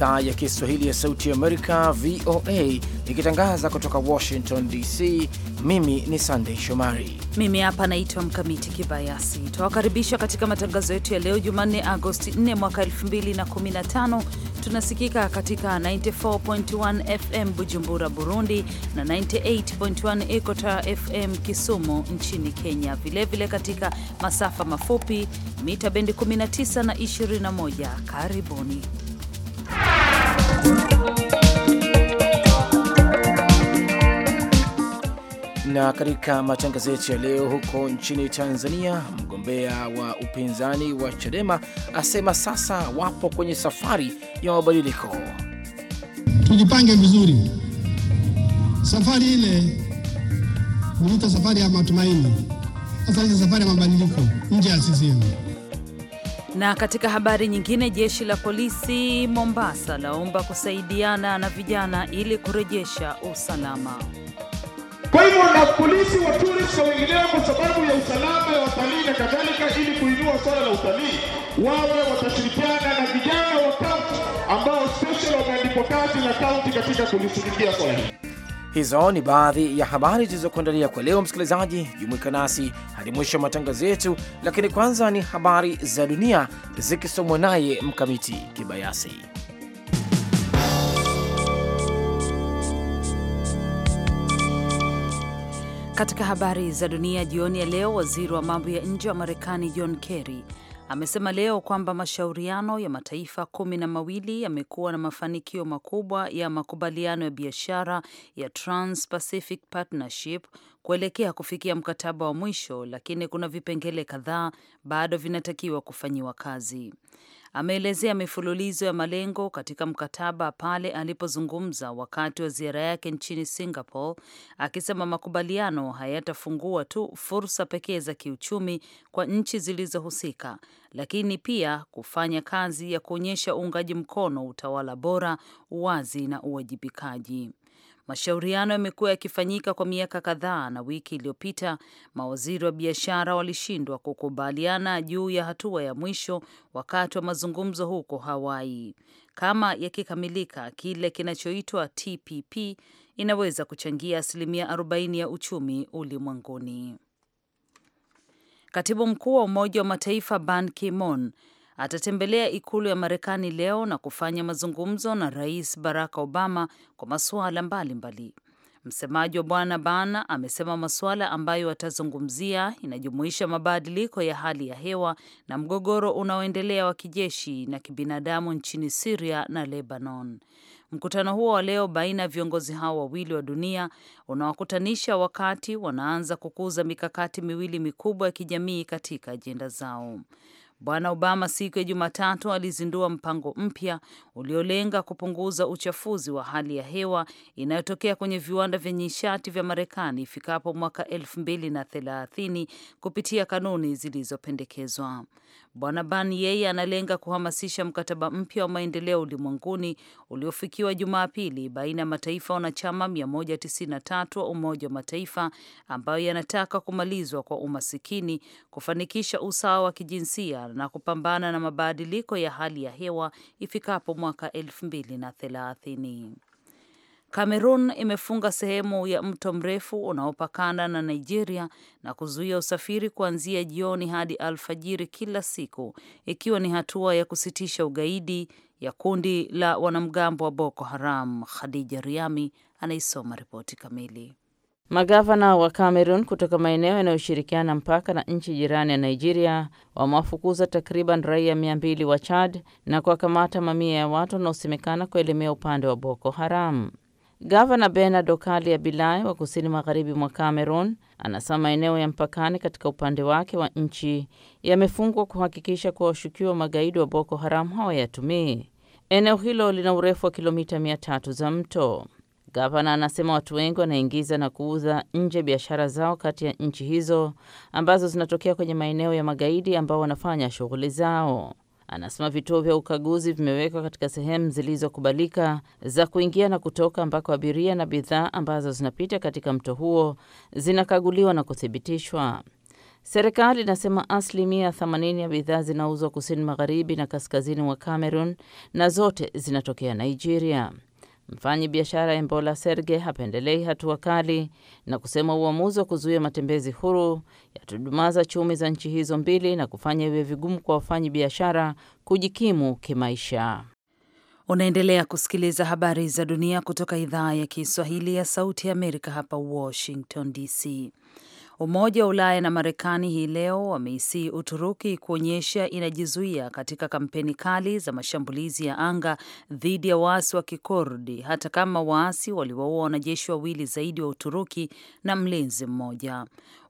idhaa ya Kiswahili ya Sauti ya Amerika, VOA, ikitangaza kutoka Washington DC. Mimi ni Sandei Shomari, mimi hapa naitwa Mkamiti Kibayasi. Tunawakaribisha katika matangazo yetu ya leo Jumanne, Agosti 4 mwaka 2015. Tunasikika katika 94.1 FM Bujumbura, Burundi na 98.1 Equator FM Kisumu nchini Kenya, vilevile vile katika masafa mafupi mita bendi 19 na 21. Karibuni. Na katika matangazo yetu ya leo, huko nchini Tanzania, mgombea wa upinzani wa Chadema asema sasa wapo kwenye safari ya mabadiliko. Tujipange vizuri, safari ile niliita safari ya matumaini, sasa ni safari ya mabadiliko nje ya CCM. Na katika habari nyingine, jeshi la polisi Mombasa laomba kusaidiana na vijana ili kurejesha usalama. Kwa hivyo na polisi wa tourist na wengineo, kwa sababu ya usalama ya watalii na kadhalika, ili kuinua swala la utalii, wawe watashirikiana na vijana wa kaunti ambao special wameandikwa kazi na kaunti katika kulishughulikia swala hili. Hizo ni baadhi ya habari zilizokuandalia kwa leo. Msikilizaji, jumuika nasi hadi mwisho wa matangazo yetu, lakini kwanza ni habari za dunia zikisomwa naye Mkamiti Kibayasi. Katika habari za dunia jioni ya leo, waziri wa mambo ya nje wa Marekani John Kerry amesema leo kwamba mashauriano ya mataifa kumi na mawili yamekuwa na mafanikio makubwa ya makubaliano ya biashara ya Trans-Pacific Partnership kuelekea kufikia mkataba wa mwisho, lakini kuna vipengele kadhaa bado vinatakiwa kufanyiwa kazi ameelezea mifululizo ya malengo katika mkataba pale alipozungumza wakati wa ziara yake nchini Singapore, akisema makubaliano hayatafungua tu fursa pekee za kiuchumi kwa nchi zilizohusika, lakini pia kufanya kazi ya kuonyesha uungaji mkono utawala bora, uwazi na uwajibikaji. Mashauriano yamekuwa yakifanyika kwa miaka kadhaa, na wiki iliyopita mawaziri wa biashara walishindwa kukubaliana juu ya hatua ya mwisho wakati wa mazungumzo huko Hawaii. Kama yakikamilika, kile kinachoitwa TPP inaweza kuchangia asilimia 40 ya uchumi ulimwenguni. Katibu mkuu wa Umoja wa Mataifa Ban Ki-moon atatembelea ikulu ya Marekani leo na kufanya mazungumzo na Rais Barack Obama kwa masuala mbalimbali. Msemaji wa bwana Bana amesema masuala ambayo atazungumzia inajumuisha mabadiliko ya hali ya hewa na mgogoro unaoendelea wa kijeshi na kibinadamu nchini Siria na Lebanon. Mkutano huo wa leo baina ya viongozi hao wawili wa dunia unawakutanisha wakati wanaanza kukuza mikakati miwili mikubwa ya kijamii katika ajenda zao. Bwana Obama siku ya Jumatatu alizindua mpango mpya uliolenga kupunguza uchafuzi wa hali ya hewa inayotokea kwenye viwanda vya nishati vya Marekani ifikapo mwaka elfu mbili na thelathini kupitia kanuni zilizopendekezwa. Bwana Ban yeye analenga kuhamasisha mkataba mpya wa maendeleo ulimwenguni uliofikiwa Jumapili baina ya mataifa wanachama 193 wa Umoja wa Mataifa ambayo yanataka kumalizwa kwa umasikini, kufanikisha usawa wa kijinsia na kupambana na mabadiliko ya hali ya hewa ifikapo mwaka 2030. Kamerun imefunga sehemu ya mto mrefu unaopakana na Nigeria na kuzuia usafiri kuanzia jioni hadi alfajiri kila siku ikiwa ni hatua ya kusitisha ugaidi ya kundi la wanamgambo wa Boko Haram. Khadija Riami anaisoma ripoti kamili. Magavana wa Cameroon kutoka maeneo yanayoshirikiana mpaka na nchi jirani ya Nigeria wamewafukuza takriban raia mia mbili wa Chad na kuwakamata mamia ya watu wanaosemekana kuelemea upande wa Boko Haram. Gavana Bernard ya Abilai wa kusini magharibi mwa Cameroon anasema maeneo ya mpakani katika upande wake wa nchi yamefungwa kuhakikisha kuwa washukiwa magaidi wa Boko Haram hawayatumii. Eneo hilo lina urefu wa kilomita mia tatu za mto. Gavana anasema watu wengi wanaingiza na kuuza nje biashara zao kati ya nchi hizo ambazo zinatokea kwenye maeneo ya magaidi ambao wanafanya shughuli zao. Anasema vituo vya ukaguzi vimewekwa katika sehemu zilizokubalika za kuingia na kutoka, ambako abiria na bidhaa ambazo zinapita katika mto huo zinakaguliwa na kuthibitishwa. Serikali inasema asilimia 80 ya bidhaa zinauzwa kusini magharibi na kaskazini mwa Cameroon na zote zinatokea Nigeria. Mfanyi biashara Embola Serge hapendelei hatua kali na kusema uamuzi wa kuzuia matembezi huru yatudumaza chumi za nchi hizo mbili na kufanya iwe vigumu kwa wafanyi biashara kujikimu kimaisha. Unaendelea kusikiliza habari za dunia kutoka idhaa ya Kiswahili ya Sauti ya Amerika hapa Washington DC. Umoja wa Ulaya na Marekani hii leo wameisii Uturuki kuonyesha inajizuia katika kampeni kali za mashambulizi ya anga dhidi ya waasi wa Kikurdi, hata kama waasi waliwaua wanajeshi wawili zaidi wa Uturuki na mlinzi mmoja.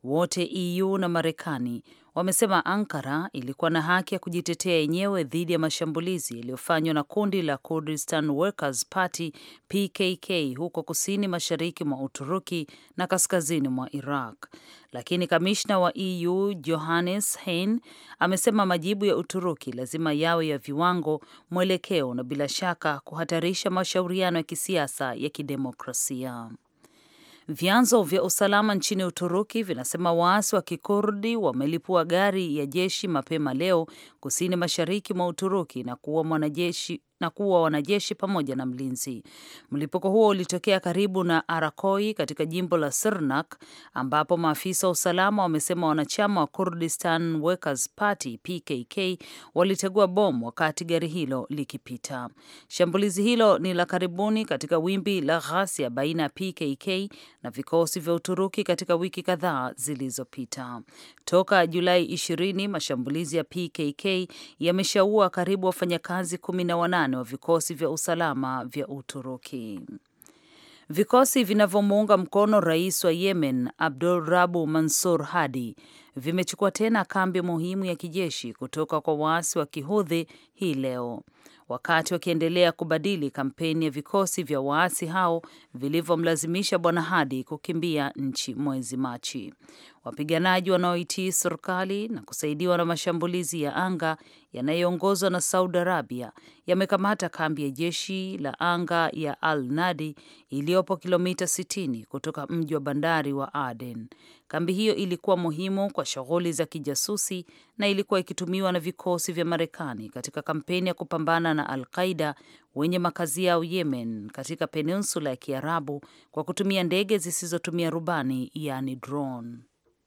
Wote EU na Marekani wamesema Ankara ilikuwa na haki ya kujitetea yenyewe dhidi ya mashambulizi yaliyofanywa na kundi la Kurdistan Workers Party PKK huko kusini mashariki mwa Uturuki na kaskazini mwa Iraq. Lakini kamishna wa EU Johannes Hein amesema majibu ya Uturuki lazima yawe ya viwango, mwelekeo na bila shaka kuhatarisha mashauriano ya kisiasa ya kidemokrasia. Vyanzo vya usalama nchini Uturuki vinasema waasi wa kikurdi wamelipua gari ya jeshi mapema leo kusini mashariki mwa Uturuki na kuua mwanajeshi na kuwa wanajeshi pamoja na mlinzi. Mlipuko huo ulitokea karibu na Arakoi katika jimbo la Sirnak, ambapo maafisa wa usalama wamesema wanachama wa Kurdistan Workers Party PKK walitegua bomu wakati gari hilo likipita. Shambulizi hilo ni la karibuni katika wimbi la ghasia baina ya PKK na vikosi vya Uturuki katika wiki kadhaa zilizopita. Toka Julai 20 mashambulizi ya PKK yameshaua karibu wafanyakazi kumi na wanane mapambano wa vikosi vya usalama vya Uturuki. Vikosi vinavyomuunga mkono rais wa Yemen Abdul Rabu Mansur Hadi vimechukua tena kambi muhimu ya kijeshi kutoka kwa waasi wa Kihudhi hii leo, wakati wakiendelea kubadili kampeni ya vikosi vya waasi hao vilivyomlazimisha bwana Hadi kukimbia nchi mwezi Machi. Wapiganaji wanaoitii serikali na kusaidiwa na mashambulizi ya anga yanayoongozwa na Saudi Arabia yamekamata kambi ya jeshi la anga ya Al Nadi iliyopo kilomita 60 kutoka mji wa bandari wa Aden. Kambi hiyo ilikuwa muhimu kwa shughuli za kijasusi na ilikuwa ikitumiwa na vikosi vya Marekani katika kampeni ya kupambana na Al Qaida wenye makazi yao Yemen katika peninsula ya Kiarabu kwa kutumia ndege zisizotumia rubani, yani drone.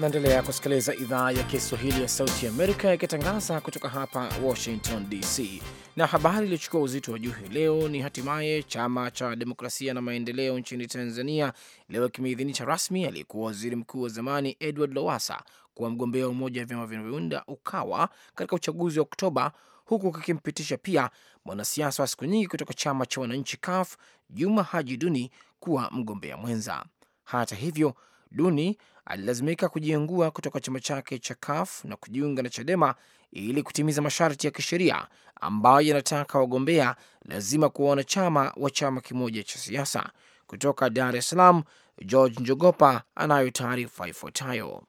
Naendelea kusikiliza idhaa ya Kiswahili ya Sauti ya Amerika ikitangaza kutoka hapa Washington DC, na habari iliyochukua uzito wa juu hii leo ni hatimaye chama cha demokrasia na maendeleo nchini Tanzania leo kimeidhinisha rasmi aliyekuwa waziri mkuu wa zamani Edward lowasa kuwa mgombea wa umoja wa vyama vinavyounda Ukawa katika uchaguzi wa Oktoba, huku kikimpitisha pia mwanasiasa wa siku nyingi kutoka chama cha wananchi CUF Juma Haji Duni kuwa mgombea mwenza. Hata hivyo Duni alilazimika kujiengua kutoka chama chake cha kaf na kujiunga na Chadema ili kutimiza masharti ya kisheria ambayo yanataka wagombea lazima kuwa wanachama wa chama kimoja cha siasa. Kutoka Dar es Salaam, George Njogopa anayo taarifa ifuatayo.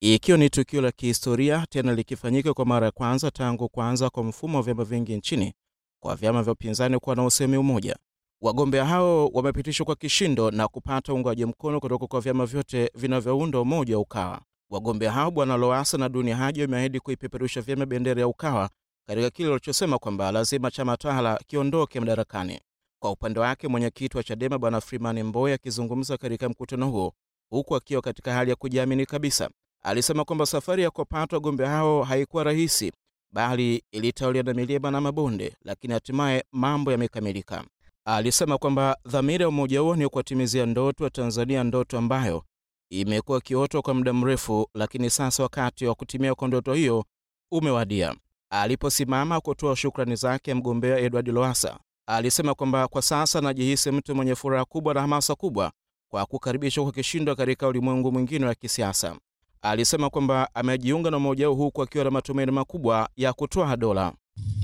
Ikiwa ni tukio la kihistoria tena likifanyika kwa mara ya kwanza tangu kwanza kwa mfumo wa vyama vingi nchini, kwa vyama vya upinzani kuwa na usemi umoja Wagombea hao wamepitishwa kwa kishindo na kupata uungwaji mkono kutoka kwa vyama vyote vinavyounda umoja wa Ukawa. Wagombea hao Bwana Lowassa na duni Haji wameahidi kuipeperusha vyema bendera ya Ukawa katika kile walichosema kwamba lazima chama tawala kiondoke madarakani. Kwa upande wake, mwenyekiti wa Chadema Bwana Freeman Mbowe akizungumza katika mkutano huo, huku akiwa katika hali ya kujiamini kabisa, alisema kwamba safari ya kupata wagombea hao haikuwa rahisi, bali ilitawaliwa na milima na mabonde, lakini hatimaye mambo yamekamilika alisema kwamba dhamira ya umoja huo ni kuwatimizia ndoto wa Tanzania, ndoto ambayo imekuwa kioto kwa muda mrefu, lakini sasa wakati wa kutimia kwa ndoto hiyo umewadia. Aliposimama kutoa shukrani zake, mgombea Edward Lowassa alisema kwamba kwa sasa anajihisi mtu mwenye furaha kubwa na hamasa kubwa kwa kukaribishwa kwa kishindo katika ulimwengu mwingine wa kisiasa. Alisema kwamba amejiunga na umoja huu huku akiwa na matumaini makubwa ya kutoa dola.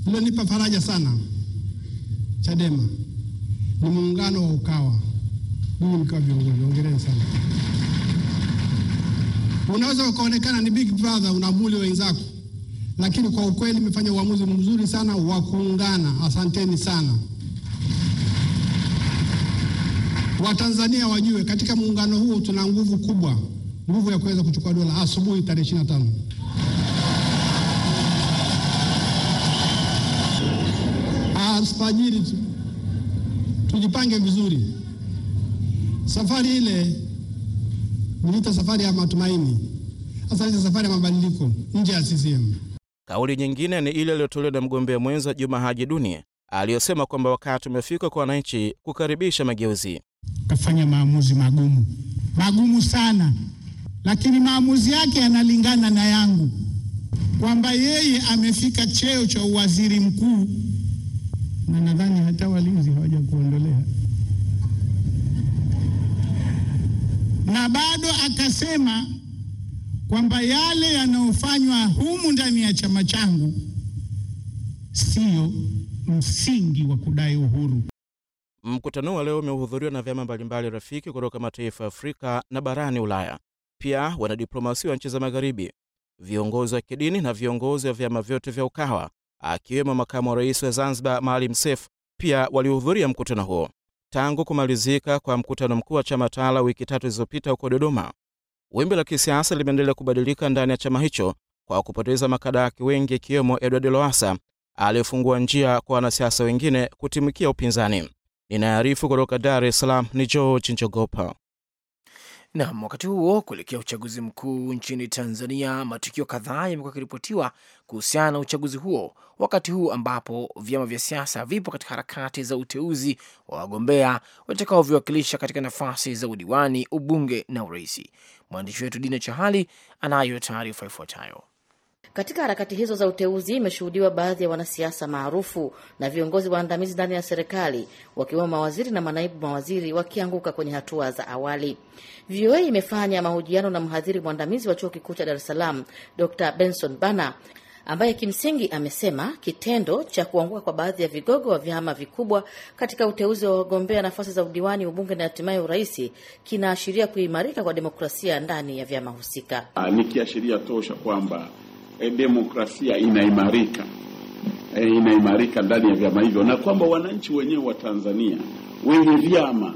Mlonipa faraja sana Chadema ni muungano wa Ukawa. Mimi mkiwa viongozi, ongereni sana. Unaweza ukaonekana ni big brother, unamuli wenzako, lakini kwa ukweli mmefanya uamuzi mzuri sana wa kuungana. Asanteni sana. Watanzania wajue katika muungano huu tuna nguvu kubwa, nguvu ya kuweza kuchukua dola asubuhi tarehe 25. Alfajiri tujipange vizuri. Safari ile niliita safari ya matumaini, hasa ile safari ya mabadiliko nje ya CCM. Kauli nyingine ni ile iliyotolewa na mgombea mwenza Juma Haji Dunia aliyosema kwamba wakati umefika kwa wananchi kukaribisha mageuzi. Kafanya maamuzi magumu magumu sana, lakini maamuzi yake yanalingana na yangu, kwamba yeye amefika cheo cha uwaziri mkuu na nadhani hata walinzi hawaja kuondolea Na bado akasema kwamba yale yanayofanywa humu ndani ya chama changu siyo msingi wa kudai uhuru. Mkutano wa leo umehudhuriwa na vyama mbalimbali rafiki kutoka mataifa ya Afrika na barani Ulaya, pia wanadiplomasia wa nchi za Magharibi, viongozi wa kidini na viongozi wa vyama vyote vya Ukawa akiwemo makamu wa rais wa Zanzibar Maalim Seif pia walihudhuria mkutano huo. Tangu kumalizika kwa mkutano mkuu wa chama tawala wiki tatu zilizopita huko Dodoma, wimbi la kisiasa limeendelea kubadilika ndani ya chama hicho kwa kupoteza makada yake wengi, ikiwemo Edward Lowassa aliyefungua njia kwa wanasiasa wengine kutumikia upinzani. Ninaarifu kutoka Dar es Salaam ni George Njogopa. Nam, wakati huo kuelekea uchaguzi mkuu nchini Tanzania, matukio kadhaa yamekuwa yakiripotiwa kuhusiana na uchaguzi huo, wakati huu ambapo vyama vya siasa vipo katika harakati za uteuzi wa wagombea watakaoviwakilisha katika nafasi za udiwani, ubunge na uraisi. Mwandishi wetu Dina Chahali anayo taarifa ifuatayo. Katika harakati hizo za uteuzi imeshuhudiwa baadhi ya wanasiasa maarufu na viongozi waandamizi ndani ya serikali wakiwemo mawaziri na manaibu mawaziri wakianguka kwenye hatua za awali. VOA imefanya mahojiano na mhadhiri mwandamizi wa chuo kikuu cha Dar es Salaam Dr Benson Bana ambaye kimsingi amesema kitendo cha kuanguka kwa baadhi ya vigogo wa vyama vikubwa katika uteuzi wa wagombea nafasi za udiwani, ubunge na hatimaye urais kinaashiria kuimarika kwa demokrasia ndani ya vyama husika. Ah, Ni kiashiria tosha kwamba e, demokrasia inaimarika e, inaimarika ndani ya vyama hivyo, na kwamba wananchi wenyewe wa Tanzania wenye vyama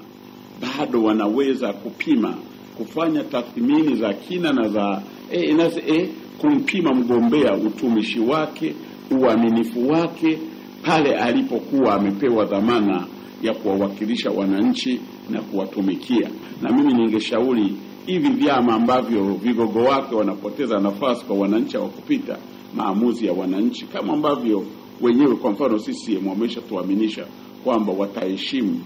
bado wanaweza kupima kufanya tathmini za kina na za e, na, e, kumpima mgombea utumishi wake, uaminifu wake pale alipokuwa amepewa dhamana ya kuwawakilisha wananchi na kuwatumikia. Na mimi ningeshauri hivi vyama ambavyo vigogo wake wanapoteza nafasi kwa wananchi hawakupita maamuzi ya wananchi, kama ambavyo wenyewe, kwa mfano CCM wameshatuaminisha kwamba wataheshimu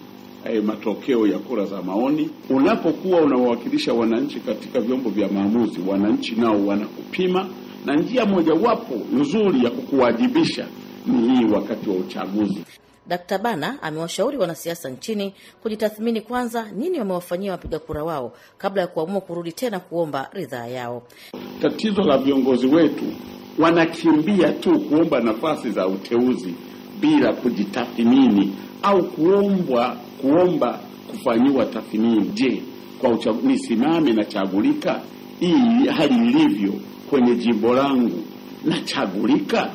eh, matokeo ya kura za maoni. Unapokuwa unawawakilisha wananchi katika vyombo vya maamuzi, wananchi nao wanakupima, na njia mojawapo nzuri ya kukuwajibisha ni hii wakati wa uchaguzi. Dkt. Bana amewashauri wanasiasa nchini kujitathmini kwanza nini wamewafanyia wapiga kura wao kabla ya kuamua kurudi tena kuomba ridhaa yao. Tatizo la viongozi wetu, wanakimbia tu kuomba nafasi za uteuzi bila kujitathmini au kuombwa kuomba kufanyiwa tathmini. Je, kwa nisimame nachagulika? Hii hali ilivyo kwenye jimbo langu nachagulika?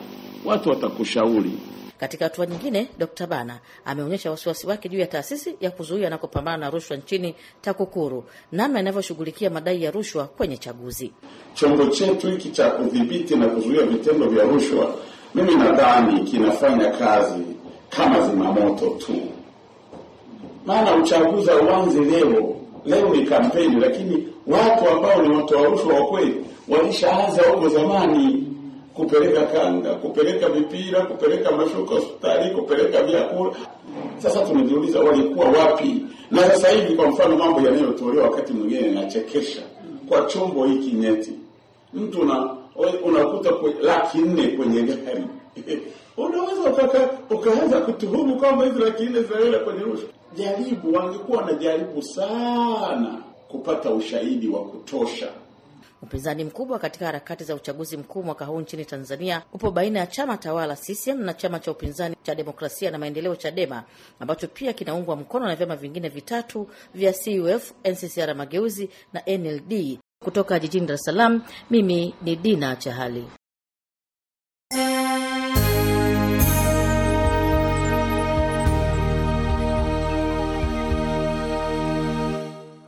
Watu watakushauri. Katika hatua nyingine, d Bana ameonyesha wasiwasi wake juu ya taasisi ya kuzuia na kupambana na rushwa nchini TAKUKURU namna inavyoshughulikia madai ya rushwa kwenye chaguzi. Chombo chetu hiki cha kudhibiti na kuzuia vitendo vya rushwa, mimi nadhani kinafanya kazi kama zimamoto tu, maana uchaguzi hauanzi leo. Leo ni kampeni, lakini watu ambao ni watoa rushwa wa kweli walishaanza huko zamani kupeleka kanga, kupeleka mipira, kupeleka mashuka hospitali, kupeleka vyakula. Sasa tunajiuliza walikuwa wapi? Na sasa hivi, kwa mfano, mambo yanayotolewa wakati mwingine yanachekesha. Kwa chombo hiki nyeti, mtu unakuta laki nne kwenye gari unaweza ukaka ukaanza kutuhumu kwamba hizi laki nne zinaenda kwenye rushwa. Jaribu, wangekuwa wanajaribu sana kupata ushahidi wa kutosha Upinzani mkubwa katika harakati za uchaguzi mkuu mwaka huu nchini Tanzania upo baina ya chama tawala CCM na chama cha upinzani cha demokrasia na maendeleo CHADEMA ambacho pia kinaungwa mkono na vyama vingine vitatu vya CUF, NCCR Mageuzi na NLD. Kutoka jijini Dar es Salaam, mimi ni Dina Chahali.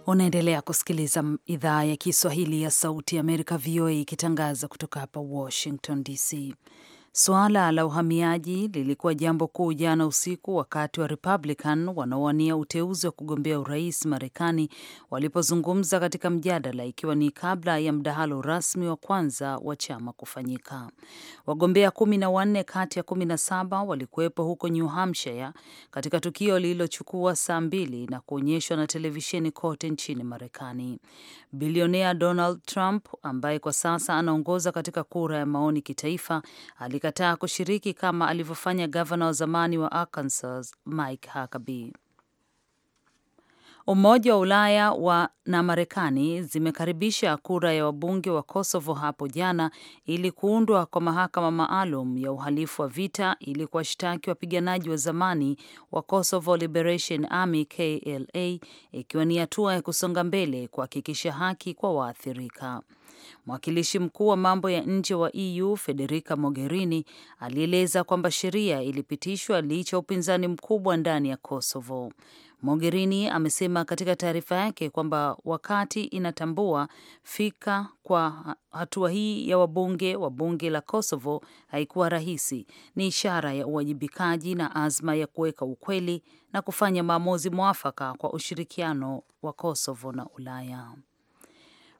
Unaendelea kusikiliza idhaa ya Kiswahili ya Sauti ya Amerika, VOA, ikitangaza kutoka hapa Washington DC. Suala la uhamiaji lilikuwa jambo kuu jana usiku wakati wa Republican wanaowania uteuzi wa kugombea urais Marekani walipozungumza katika mjadala, ikiwa ni kabla ya mdahalo rasmi wa kwanza wa chama kufanyika. Wagombea kumi na wanne kati ya kumi na saba walikuwepo huko New Hampshire katika tukio lililochukua saa mbili na kuonyeshwa na televisheni kote nchini Marekani. Bilionea Donald Trump ambaye kwa sasa anaongoza katika kura ya maoni kitaifa alikataa kushiriki kama alivyofanya gavana wa zamani wa Arkansas Mike Huckabee. Umoja wa Ulaya wa na Marekani zimekaribisha kura ya wabunge wa Kosovo hapo jana ili kuundwa kwa mahakama maalum ya uhalifu wa vita ili kuwashtaki wapiganaji wa zamani wa Kosovo Liberation Army KLA, ikiwa ni hatua ya kusonga mbele kuhakikisha haki kwa waathirika. Mwakilishi mkuu wa mambo ya nje wa EU Federica Mogherini alieleza kwamba sheria ilipitishwa licha ya upinzani mkubwa ndani ya Kosovo. Mogherini amesema katika taarifa yake kwamba wakati inatambua fika kwa hatua hii ya wabunge wa bunge la Kosovo haikuwa rahisi, ni ishara ya uwajibikaji na azma ya kuweka ukweli na kufanya maamuzi mwafaka kwa ushirikiano wa Kosovo na Ulaya.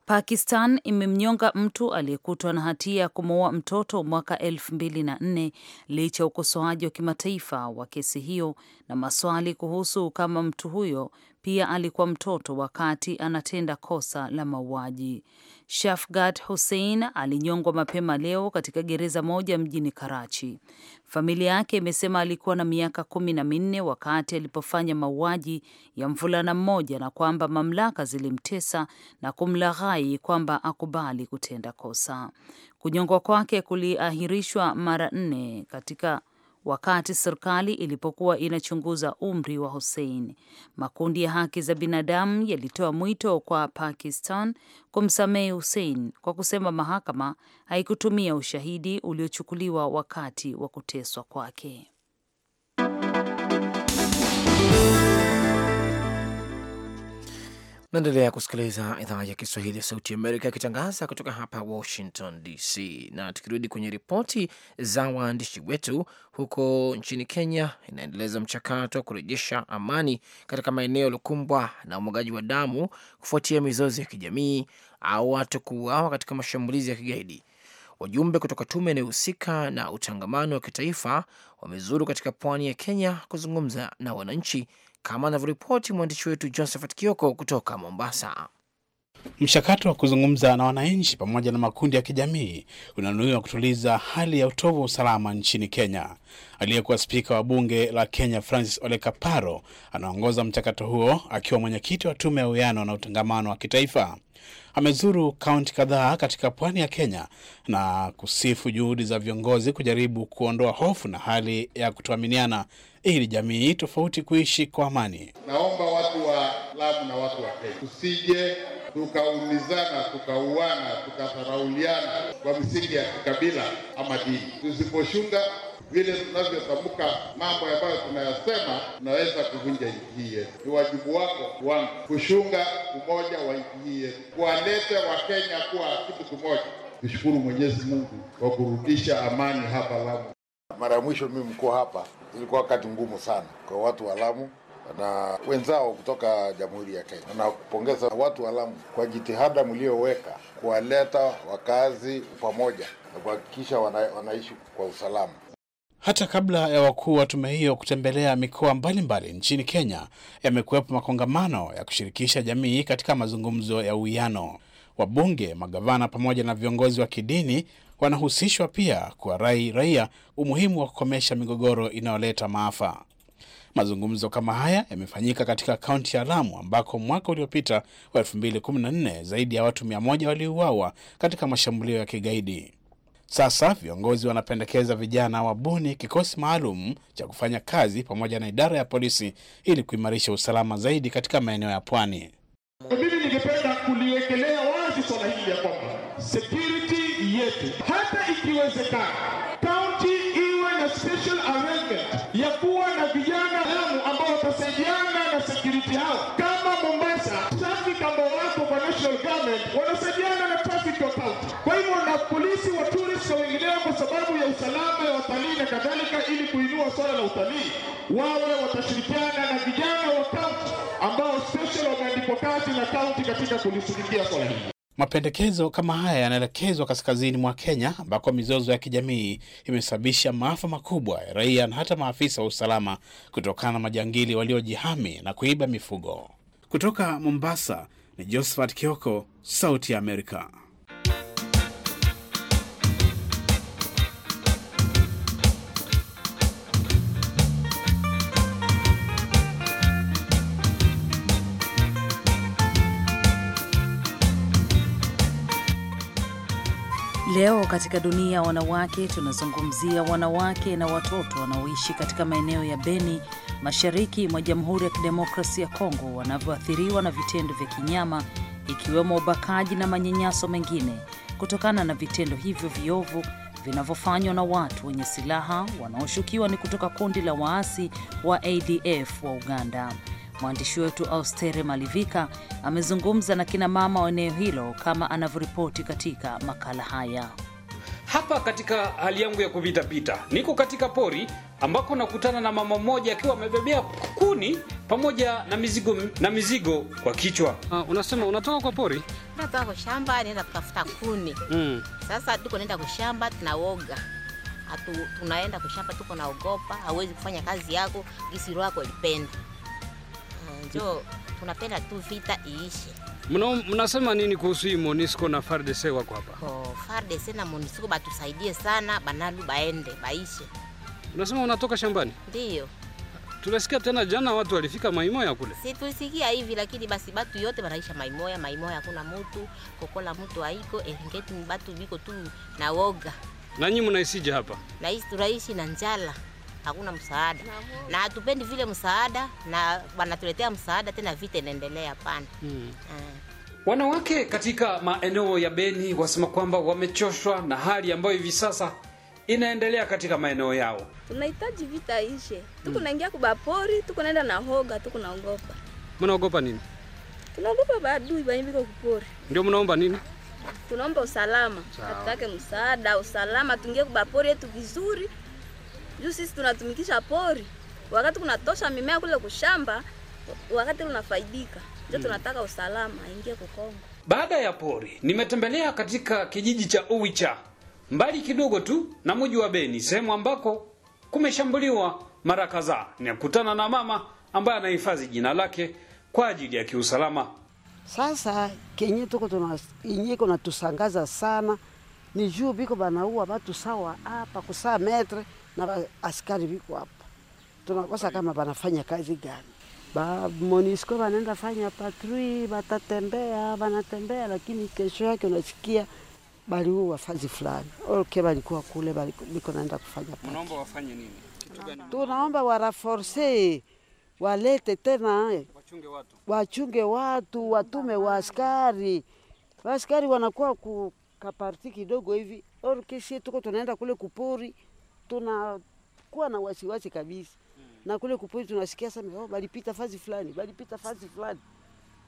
Pakistan imemnyonga mtu aliyekutwa na hatia ya kumuua mtoto mwaka elfu mbili na nne licha ya ukosoaji wa kimataifa wa kesi hiyo na maswali kuhusu kama mtu huyo pia alikuwa mtoto wakati anatenda kosa la mauaji. Shafgat Hussein alinyongwa mapema leo katika gereza moja mjini Karachi. Familia yake imesema alikuwa na miaka kumi na minne wakati alipofanya mauaji ya mvulana mmoja, na kwamba mamlaka zilimtesa na kumlaghai kwamba akubali kutenda kosa. Kunyongwa kwake kuliahirishwa mara nne katika wakati serikali ilipokuwa inachunguza umri wa Hussein. Makundi ya haki za binadamu yalitoa mwito kwa Pakistan kumsamehe Hussein kwa kusema mahakama haikutumia ushahidi uliochukuliwa wakati wa kuteswa kwake. Naendelea kusikiliza idhaa ya Kiswahili ya Sauti Amerika ikitangaza kutoka hapa Washington DC. Na tukirudi kwenye ripoti za waandishi wetu, huko nchini Kenya inaendeleza mchakato wa kurejesha amani katika maeneo yaliokumbwa na umwagaji wa damu kufuatia mizozo ya kijamii au watu kuuawa katika mashambulizi ya kigaidi. Wajumbe kutoka tume inayohusika na utangamano wa kitaifa wamezuru katika pwani ya Kenya kuzungumza na wananchi kama anavyoripoti mwandishi wetu Josephat Kioko kutoka Mombasa. Mchakato wa kuzungumza na wananchi pamoja na makundi ya kijamii unanuiwa kutuliza hali ya utovu wa usalama nchini Kenya. Aliyekuwa spika wa bunge la Kenya Francis Ole Kaparo anaongoza mchakato huo akiwa mwenyekiti wa tume ya uwiano na utangamano wa kitaifa. Amezuru kaunti kadhaa katika pwani ya Kenya na kusifu juhudi za viongozi kujaribu kuondoa hofu na hali ya kutoaminiana ili jamii tofauti kuishi kwa amani. Naomba watu wa Lamu na watu wa Kenya tusije tukaumizana, tukauana, tukadharauliana kwa misingi ya kikabila ama dini. Tusiposhunga vile tunavyotamka mambo ambayo tunayasema, tunaweza kuvunja nchi hii yetu. Ni wajibu wako wangu kushunga umoja wa nchi hii yetu, kuwalete Wakenya kuwa kitu kimoja. Tushukuru Mwenyezi Mungu kwa kurudisha amani hapa Lamu. Mara ya mwisho mimi mko hapa, ilikuwa wakati ngumu sana kwa watu wa Lamu na wenzao kutoka Jamhuri ya Kenya na kupongeza watu wa Lamu kwa jitihada mlioweka kuwaleta wakazi pamoja na kuhakikisha wana, wanaishi kwa usalama. Hata kabla ya wakuu wa tume hiyo kutembelea mikoa mbalimbali nchini Kenya, yamekuwepo makongamano ya kushirikisha jamii katika mazungumzo ya uwiano. Wabunge, magavana pamoja na viongozi wa kidini wanahusishwa pia kuwarai raia umuhimu wa kukomesha migogoro inayoleta maafa. Mazungumzo kama haya yamefanyika katika kaunti ya Lamu ambako mwaka uliopita wa 2014 zaidi ya watu 100 waliuawa katika mashambulio ya kigaidi. Sasa viongozi wanapendekeza vijana wabuni kikosi maalum cha kufanya kazi pamoja na idara ya polisi ili kuimarisha usalama zaidi katika maeneo ya pwani. Mimi ningependa kuliekelea wazi swala hili ya kwamba security yetu, hata ikiwezekana, kaunti iwe na special arrangement ya kuwa na vijana kadhalika, ili kuinua swala la utalii, wawe watashirikiana na vijana wa kaunti ambao special wameandikwa kazi na kaunti katika kulishughulikia swala hili. Mapendekezo kama haya yanaelekezwa kaskazini mwa Kenya ambako mizozo ya kijamii imesababisha maafa makubwa ya raia na hata maafisa wa usalama kutokana na majangili waliojihami na kuiba mifugo. Kutoka Mombasa ni Josephat Kioko, Sauti ya Amerika. Leo katika dunia ya wanawake tunazungumzia wanawake na watoto wanaoishi katika maeneo ya Beni, mashariki mwa Jamhuri ya Kidemokrasi ya Kongo, wanavyoathiriwa na vitendo vya kinyama, ikiwemo ubakaji na manyanyaso mengine kutokana na vitendo hivyo viovu vinavyofanywa na watu wenye silaha wanaoshukiwa ni kutoka kundi la waasi wa ADF wa Uganda. Mwandishi wetu Austere Malivika amezungumza na kinamama wa eneo hilo kama anavyoripoti katika makala haya. Hapa katika hali yangu ya kuvitapita, niko katika pori ambako nakutana na mama mmoja akiwa amebebea kuni pamoja na mizigo na mizigo kwa kichwa. Uh, unasema unatoka kwa pori? Natoka kwa shamba, naenda kutafuta kuni. Mm. Sasa tuko naenda kwa shamba tunaoga. tunaenda kwa shamba tuko naogopa, hauwezi kufanya kazi yako, gisi yako lipenda njo tunapenda tu vita iishe. Mnasema nini kuhusu hii Monisco na FARDC wako hapa? Oh, FARDC na Monisco batusaidie sana, banalu baende baishe. Unasema unatoka shambani? Ndio. Tunasikia tena jana watu walifika Maimoya kule. Si tulisikia hivi lakini basi batu yote banaisha Maimoya, Maimoya hakuna mtu, kokola mtu haiko, ni batu biko tu na woga. Na nyinyi mnaishije hapa? Naishi tunaishi na njala hakuna msaada na hatupendi vile msaada, na wanatuletea msaada tena, vita inaendelea. Hapana hmm. uh. Wanawake katika maeneo ya Beni wasema kwamba wamechoshwa na hali ambayo hivi sasa inaendelea katika maeneo yao. Tunahitaji vita ishe, tukunaingia hmm. kubapori, tukunaenda na hoga, tukunaogopa. Mnaogopa nini? Tunaogopa badui banyiviko kupori. Ndio mnaomba nini? Tunaomba usalama, hatutake msaada, usalama, tuingie kubapori yetu vizuri juu sisi tunatumikisha pori, wakati kunatosha mimea kule kushamba, wakati unafaidika ndio hmm. tunataka usalama aingie kukongo. Baada ya pori, nimetembelea katika kijiji cha Uwicha mbali kidogo tu na mji wa Beni, sehemu ambako kumeshambuliwa mara kadhaa. Nikutana na mama ambaye anahifadhi jina lake kwa ajili ya kiusalama. Sasa kenye tuko tuna na tusangaza sana ni juu biko banaua watu sawa hapa kusaa metre na askari viko hapa, tunakosa kama wanafanya kazi gani? Ba Monisco wanaenda fanya patrui, watatembea wanatembea, lakini kesho yake unasikia huu wafazi fulani ok, walikuwa kule biko naenda kufanya. wafanye nini? Tunaomba waraforce, walete tena, eh, wachunge watu, wachunge watu, watume waaskari. Waaskari wanakuwa kukaparti kidogo hivi, orkesi tuko tunaenda kule kupuri tunakuwa na wasiwasi kabisa na kule kupoi tunasikia sana oh, balipita fazi fulani balipita fazi fulani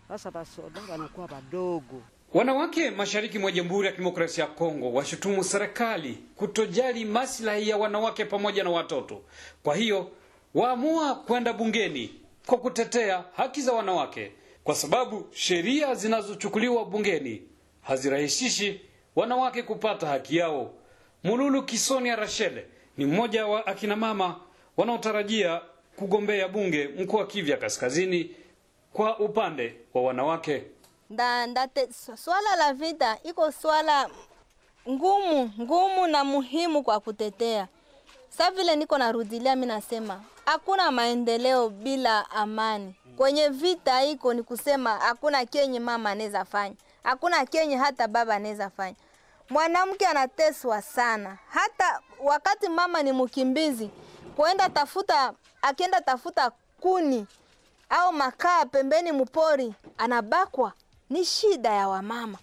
sasa basoda wanakuwa badogo. Wanawake mashariki mwa Jamhuri ya Kidemokrasia ya Kongo washutumu serikali kutojali maslahi ya wanawake pamoja na watoto, kwa hiyo waamua kwenda bungeni kwa kutetea haki za wanawake, kwa sababu sheria zinazochukuliwa bungeni hazirahisishi wanawake kupata haki yao. Mululu Kisonia Rashele ni mmoja wa akina mama wanaotarajia kugombea bunge mkoa wa Kivu Kaskazini kwa upande wa wanawake. Da, date, swala la vita iko swala ngumu ngumu na muhimu kwa kutetea. Sa vile niko narudilia, mi nasema hakuna maendeleo bila amani. Kwenye vita iko ni kusema hakuna kenye mama anaweza fanya, hakuna kenye hata baba anaweza fanya mwanamke anateswa sana, hata wakati mama ni mkimbizi kuenda tafuta, akienda tafuta kuni au makaa pembeni mpori, anabakwa. Ni shida ya wamama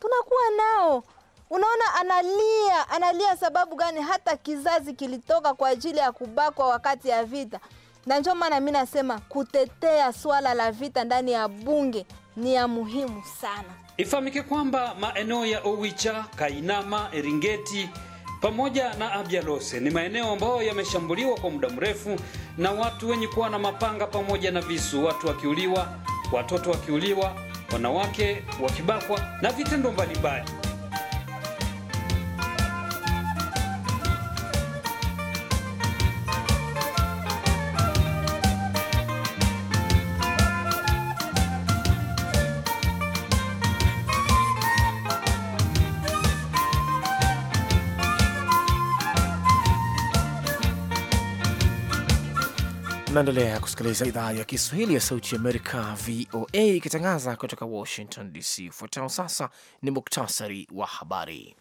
tunakuwa nao. Unaona, analia analia. Sababu gani? Hata kizazi kilitoka kwa ajili ya kubakwa wakati ya vita, na ndio maana mimi nasema kutetea swala la vita ndani ya bunge ni ya muhimu sana. Ifahamike kwamba maeneo ya Owicha, Kainama, Eringeti pamoja na Abyalose ni maeneo ambayo yameshambuliwa kwa muda mrefu na watu wenye kuwa na mapanga pamoja na visu, watu wakiuliwa, watoto wakiuliwa, wanawake wakibakwa na vitendo mbalimbali. Unaendelea kusikiliza idhaa ya Kiswahili ya Sauti Amerika, VOA, ikitangaza kutoka Washington DC. Ufuatao sasa ni muktasari wa habari.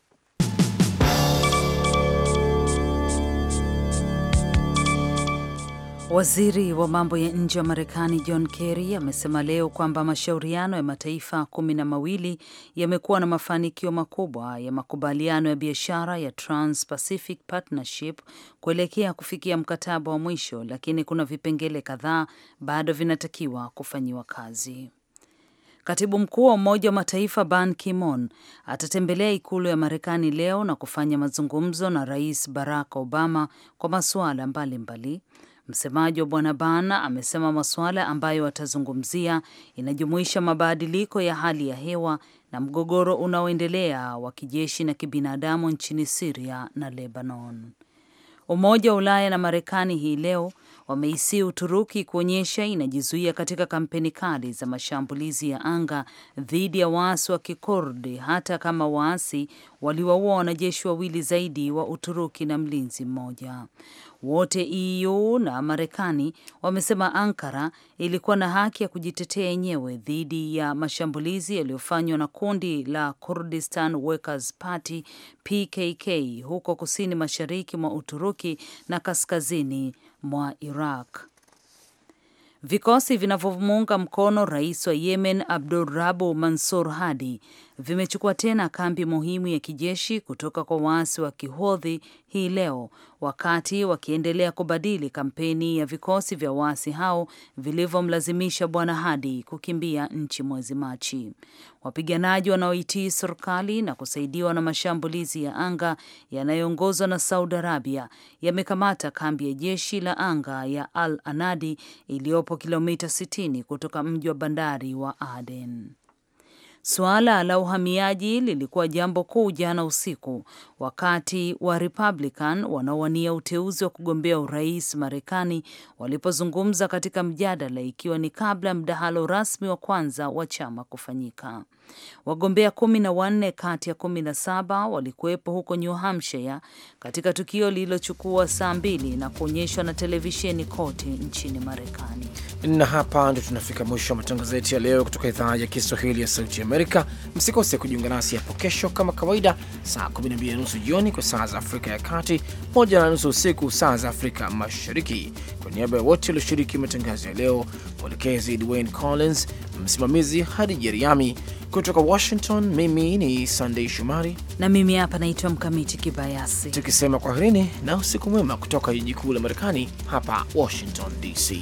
Waziri wa mambo ya nje wa Marekani John Kerry amesema leo kwamba mashauriano ya mataifa kumi na mawili yamekuwa na mafanikio makubwa ya makubaliano ya biashara ya Trans-Pacific Partnership kuelekea kufikia mkataba wa mwisho, lakini kuna vipengele kadhaa bado vinatakiwa kufanyiwa kazi. Katibu mkuu wa Umoja wa Mataifa Ban Ki-moon atatembelea ikulu ya Marekani leo na kufanya mazungumzo na Rais Barack Obama kwa masuala mbalimbali mbali. Msemaji wa bwana Bana amesema masuala ambayo watazungumzia inajumuisha mabadiliko ya hali ya hewa na mgogoro unaoendelea wa kijeshi na kibinadamu nchini Siria na Lebanon. Umoja wa Ulaya na Marekani hii leo wameisii Uturuki kuonyesha inajizuia katika kampeni kali za mashambulizi ya anga dhidi ya waasi wa Kikurdi hata kama waasi waliwaua wanajeshi wawili zaidi wa Uturuki na mlinzi mmoja. Wote EU na Marekani wamesema Ankara ilikuwa na haki ya kujitetea yenyewe dhidi ya mashambulizi yaliyofanywa na kundi la Kurdistan Workers Party PKK huko kusini mashariki mwa Uturuki na kaskazini mwa Iraq. Vikosi vinavyomuunga mkono rais wa Yemen Abdurabu Mansur Hadi vimechukua tena kambi muhimu ya kijeshi kutoka kwa waasi wa Kihodhi hii leo, wakati wakiendelea kubadili kampeni ya vikosi vya waasi hao vilivyomlazimisha Bwana Hadi kukimbia nchi mwezi Machi. Wapiganaji wanaoitii serikali na kusaidiwa na mashambulizi ya anga yanayoongozwa na Saudi Arabia yamekamata kambi ya jeshi la anga ya Al Anadi iliyopo kilomita 60 kutoka mji wa bandari wa Aden. Suala la uhamiaji lilikuwa jambo kuu jana usiku wakati wa Republican wanaowania uteuzi wa kugombea urais Marekani walipozungumza katika mjadala, ikiwa ni kabla mdahalo rasmi wa kwanza wa chama kufanyika. Wagombea kumi na wanne kati ya kumi na saba walikuwepo huko New Hampshire katika tukio lililochukua saa mbili na kuonyeshwa na televisheni kote nchini Marekani. Na hapa ndio tunafika mwisho wa matangazo yetu ya leo kutoka idhaa ya Kiswahili ya Sauti Amerika. Msikose kujiunga nasi hapo kesho kama kawaida, saa 12 na nusu jioni kwa saa za Afrika ya Kati, moja na nusu usiku saa za Afrika Mashariki. Kwa niaba ya wote walioshiriki matangazo ya leo, mwelekezi Dwayne Collins, msimamizi Hadi Jeriami. Kutoka Washington, mimi ni Sandei Shumari na mimi hapa naitwa Mkamiti Kibayasi, tukisema kwaherini na usiku mwema kutoka jiji kuu la Marekani, hapa Washington DC.